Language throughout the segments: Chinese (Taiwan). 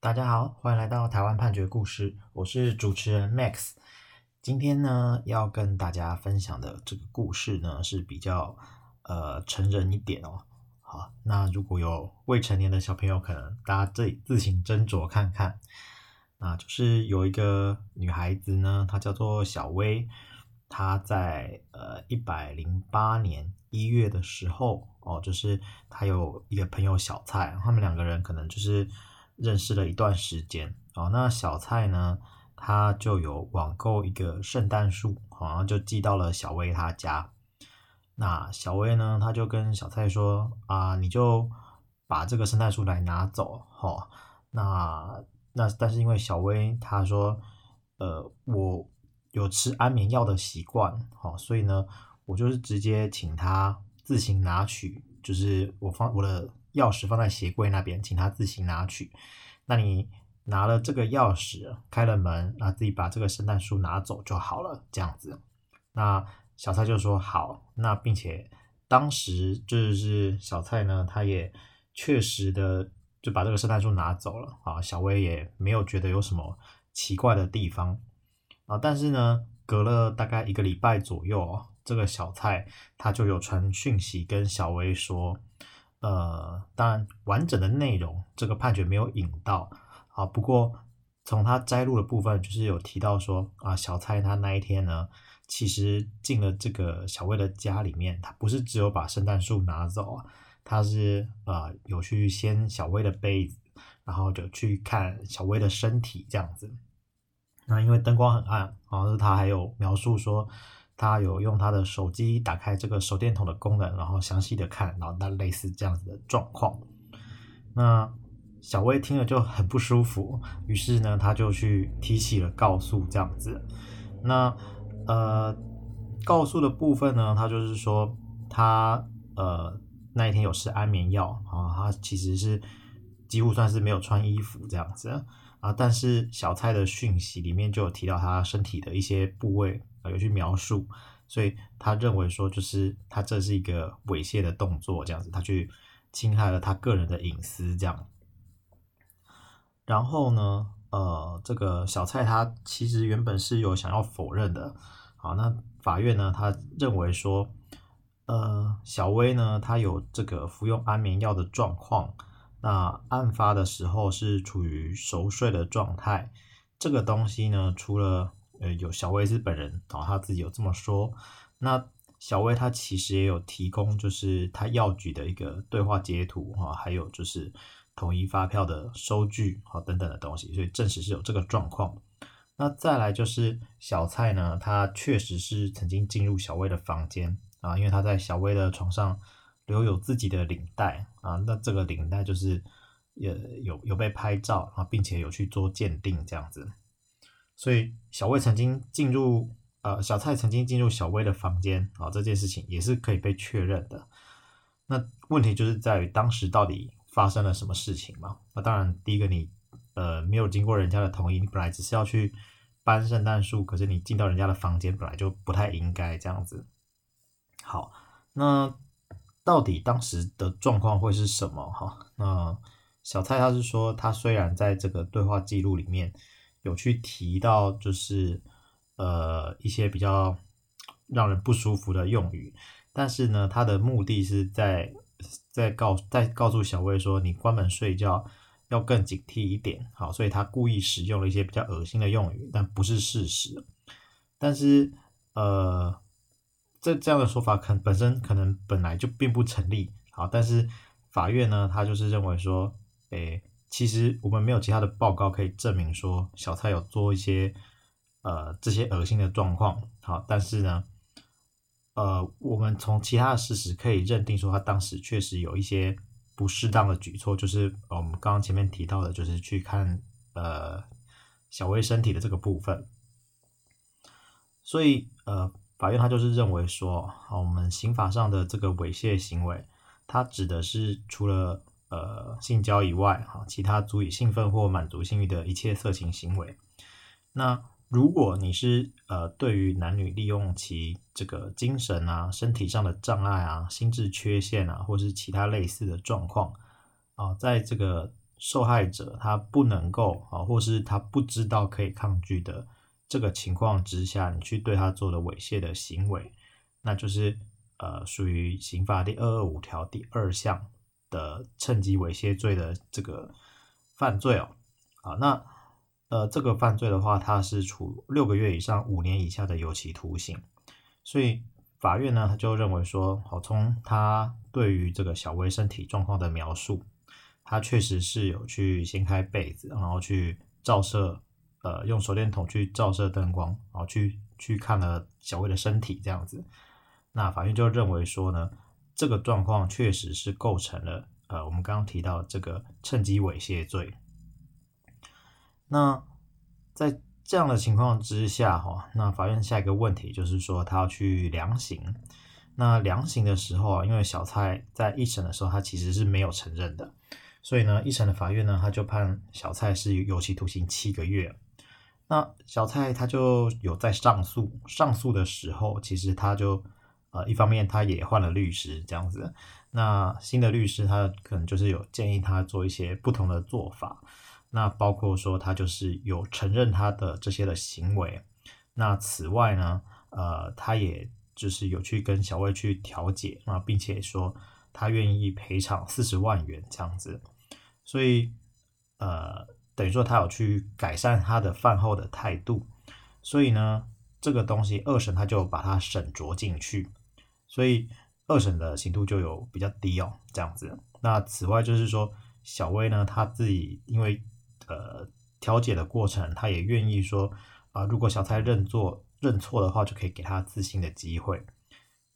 大家好，歡迎來到台灣判決故事。我是主持人 Max。今天呢，要跟大家分享的這個故事呢，是比較呃成人一點哦。好，那如果有未成年的小朋友，可能大家自己自行斟酌看看。那就是有一個女孩子呢，她叫做小葳。她在呃一百零八年一月的時候哦，就是她有一個朋友小蔡，他們兩個人可能就是。認識了一段時間哦，那小蔡呢，他就有網購一個聖誕樹，好像就寄到了小葳他家。那小葳呢，他就跟小蔡說啊，你就把這個聖誕樹來拿走，好，那那但是因為小葳他說，呃，我有吃安眠藥的習慣，好，所以呢，我就是直接請他自行拿取，就是我放我的。鑰匙放在鞋櫃那邊，請他自行拿取。那你拿了這個鑰匙，開了門，然後自己把這個聖誕樹拿走就好了。這樣子，那小蔡就說好。那並且當時就是小蔡呢，他也確實的就把這個聖誕樹拿走了啊。小葳也沒有覺得有什麼奇怪的地方啊。但是呢，隔了大概一個禮拜左右，這個小蔡他就有傳訊息跟小葳說。呃，當然，完整的內容這個判決沒有引到啊。不過從他摘錄的部分，就是有提到說啊，小蔡他那一天呢，其實進了這個小葳的家裡面，他不是只有把聖誕樹拿走，他是啊，有去掀小葳的被子，然後就去看小葳的身體這樣子。那因為燈光很暗，然後，啊，他還有描述說。他有用他的手機打開這個手電筒的功能，然後詳細的看，然後那類似這樣子的狀況。那小葳聽了就很不舒服，於是呢，他就去提起了告訴這樣子。那呃，告訴的部分呢，他就是說他呃那一天有吃安眠藥啊，他其實是幾乎算是沒有穿衣服這樣子啊，但是小蔡的訊息裡面就有提到他身體的一些部位。啊，有去描述，所以他認為說，就是他這是一個猥褻的動作，這樣子，他去侵害了他個人的隱私，這樣。然後呢，呃，這個小蔡他其實原本是有想要否認的，好，那法院呢，他認為說，呃，小葳呢，她有這個服用安眠藥的狀況，那案發的時候是處於熟睡的狀態，這個東西呢，除了。呃，有小葳是本人，然後他自己有這麼說。那小葳她其實也有提供，就是她要舉的一個對話截圖，哈，還有就是統一發票的收據，哈，等等的東西，所以證實是有這個狀況。那再來就是小蔡呢，他確實是曾經進入小葳的房間啊，因為他在小葳的床上留有自己的領帶啊，那這個領帶就是呃有有，有被拍照，啊，並且有去做鑑定這樣子。所以小葳曾經進入呃，小蔡曾經進入小葳的房間啊，這件事情也是可以被確認的。那問題就是在於當時到底發生了什麽事情嘛？那當然第一個你呃沒有經過人家的同意，你本來只是要去搬聖誕樹，可是你進到人家的房間，本來就不太應該這樣子。好，那到底當時的狀況會是什麽？哈，那小蔡他是說他雖然在這個對話記錄裡面。有去提到，就是呃一些比較讓人不舒服的用語，但是呢，他的目的是在在告在告訴小葳說，你關門睡覺要更警惕一點，好，所以他故意使用了一些比較惡心的用語，但不是事實。但是呃，這這樣的說法，肯本身可能本來就並不成立，好，但是法院呢，他就是認為說，哎、欸。其實我們沒有其他的報告可以證明說小蔡有做一些呃這些噁心的狀況，好，但是呢，呃，我們從其他的事實可以認定說他當時確實有一些不適當的舉措，就是我們剛剛前面提到的，就是去看呃小葳身體的這個部分，所以呃，法院他就是認為說，我們刑法上的這個猥褻行為，它指的是除了。呃，性交以外哈，其他足以興奮或滿足性欲的一切色情行為。那如果你是呃，對於男女利用其這個精神啊、身體上的障礙啊、心智缺陷啊，或是其他類似的狀況啊，在這個受害者他不能夠啊，或是他不知道可以抗拒的這個情況之下，你去對他做的猥褻的行為，那就是呃，屬於刑法第二二五條第二項，的趁機猥褻罪的這個犯罪哦，啊，那呃，這個犯罪的話，它是處六個月以上五年以下的有期徒刑。所以法院呢，他就認為說，好，從他對於這個小葳身體狀況的描述，他確實是有去掀開被子，然後去照射，呃，用手電筒去照射燈光，然後去去看了小葳的身體這樣子。那法院就認為說呢。這個狀況確實是構成了呃，我們剛剛提到這個趁機猥褻罪。那在這樣的情況之下，哈，那法院下一個問題就是說，他要去量刑。那量刑的時候啊，因為小蔡在一審的時候他其實是沒有承認的，所以呢，一審的法院呢，他就判小蔡是有期徒刑七個月。那小蔡他就有在上訴，上訴的時候其實他就。呃，一方面他也換了律師這樣子，那新的律師他可能就是有建議他做一些不同的做法，那包括說他就是有承認他的這些的行為，那此外呢，呃，他也就是有去跟小葳去調解，啊，並且說他願意賠償四十萬元這樣子，所以呃，等於說他有去改善他的犯後的態度，所以呢。這個東西二審他就把它審酌進去，所以二審的刑度就有比較低哦，這樣子。那此外就是說，小葳呢，他自己因為呃調解的過程，他也願意說啊、呃，如果小蔡認錯認錯的話，就可以給他自新的機會。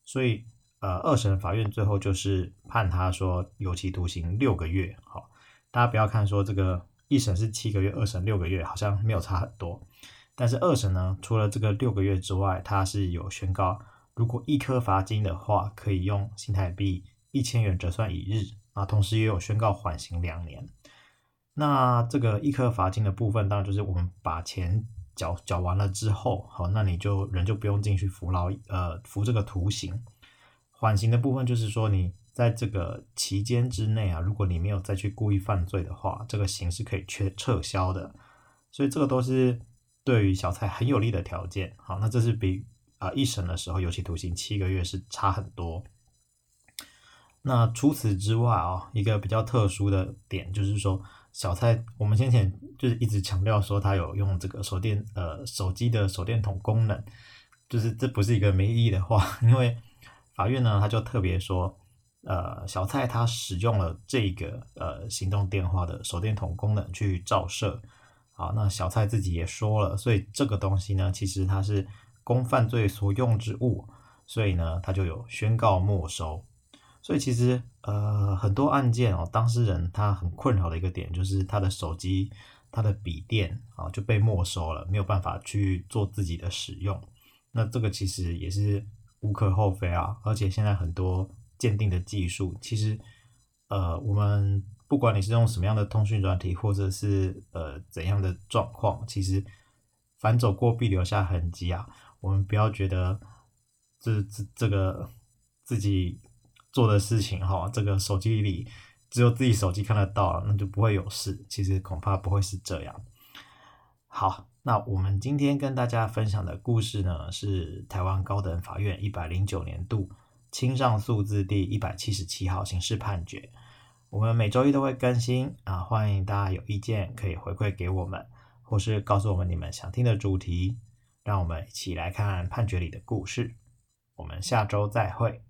所以呃二審法院最後就是判他說有期徒刑六個月。好，大家不要看說這個一審是七個月，二審六個月，好像沒有差很多。但是二審呢，除了這個六個月之外，它是有宣告，如果一科罰金的話，可以用新台幣一千元折算一日啊。同時也有宣告緩刑兩年。那這個一科罰金的部分，當然就是我們把錢繳繳完了之後，好，那你就人就不用進去服勞，呃，服這個徒刑。緩刑的部分就是說，你在這個期間之內啊，如果你沒有再去故意犯罪的話，這個刑是可以撤撤銷的。所以這個都是。對於小蔡很有利的條件，好，那這是比啊、呃、一審的時候有期徒刑七個月是差很多。那除此之外啊、哦，一個比較特殊的點就是說小蔡，小蔡我們先前就是一直強調說他有用這個手電呃手機的手電筒功能，就是這不是一個沒意義的話，因為法院呢，他就特別說，呃小蔡他使用了這個呃行動電話的手電筒功能去照射。啊，那小蔡自己也說了，所以這個東西呢，其實它是供犯罪所用之物，所以呢，它就有宣告沒收。所以其實呃，很多案件哦，當事人他很困擾的一個點就是他的手機、他的筆電啊就被沒收了，沒有辦法去做自己的使用。那這個其實也是無可厚非啊，而且現在很多鑑定的技術，其實呃，我們。不管你是用什麼樣的通訊軟體，或者是呃怎樣的狀況，其實凡走過必留下痕跡啊。我們不要覺得這這這個自己做的事情哈，這個手機裡只有自己手機看得到啊，那就不會有事。其實恐怕不會是這樣。好，那我們今天跟大家分享的故事呢，是台灣高等法院一百零九年度侵上訴字第一百七十七號刑事判決。我們每周一都會更新啊，歡迎大家有意見可以回饋給我們，或是告訴我們你們想聽的主題，讓我們一起來看判決裡的故事。我們下周再會。